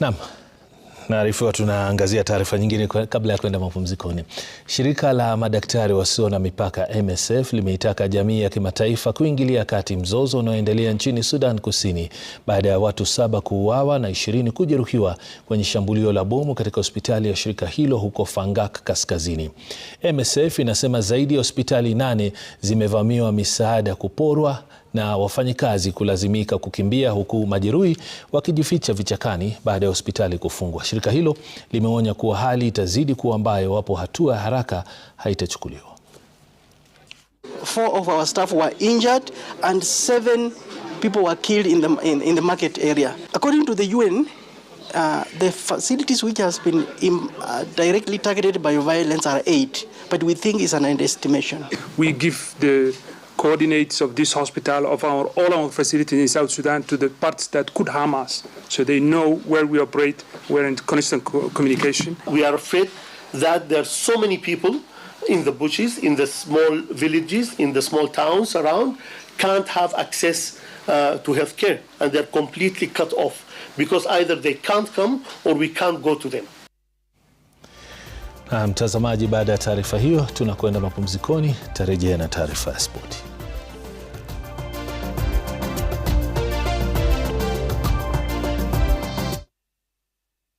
Naam. Naarifiwa tunaangazia taarifa nyingine kabla ya kwenda mapumzikoni. Shirika la madaktari wasio na mipaka MSF limeitaka jamii ya kimataifa kuingilia kati mzozo unaoendelea nchini Sudan Kusini baada ya watu saba kuuawa na ishirini kujeruhiwa kwenye shambulio la bomu katika hospitali ya shirika hilo huko Fangak Kaskazini. MSF inasema zaidi ya hospitali nane zimevamiwa, misaada kuporwa na wafanyikazi kulazimika kukimbia huku majeruhi wakijificha vichakani baada ya hospitali kufungwa. Shirika hilo limeonya kuwa hali itazidi kuwa mbaya iwapo hatua ya haraka haitachukuliwa. Four of our staff were injured and seven people were killed in the, in, in the market area. According to the UN, uh, the facilities which has been in, uh, directly targeted by violence are eight, but we think it's an underestimation. We give the coordinates of this hospital, of our all our facilities in South Sudan to the parts that could harm us. So they know where we operate. We're in constant co communication. We are afraid that there are so many people in the bushes, in the small villages, in the small towns around, can't have access uh, to health care and they're completely cut off because either they can't come or we can't go to them. Mtazamaji, baada ya taarifa hiyo, tunakwenda mapumzikoni. Tarejea na taarifa ya spoti.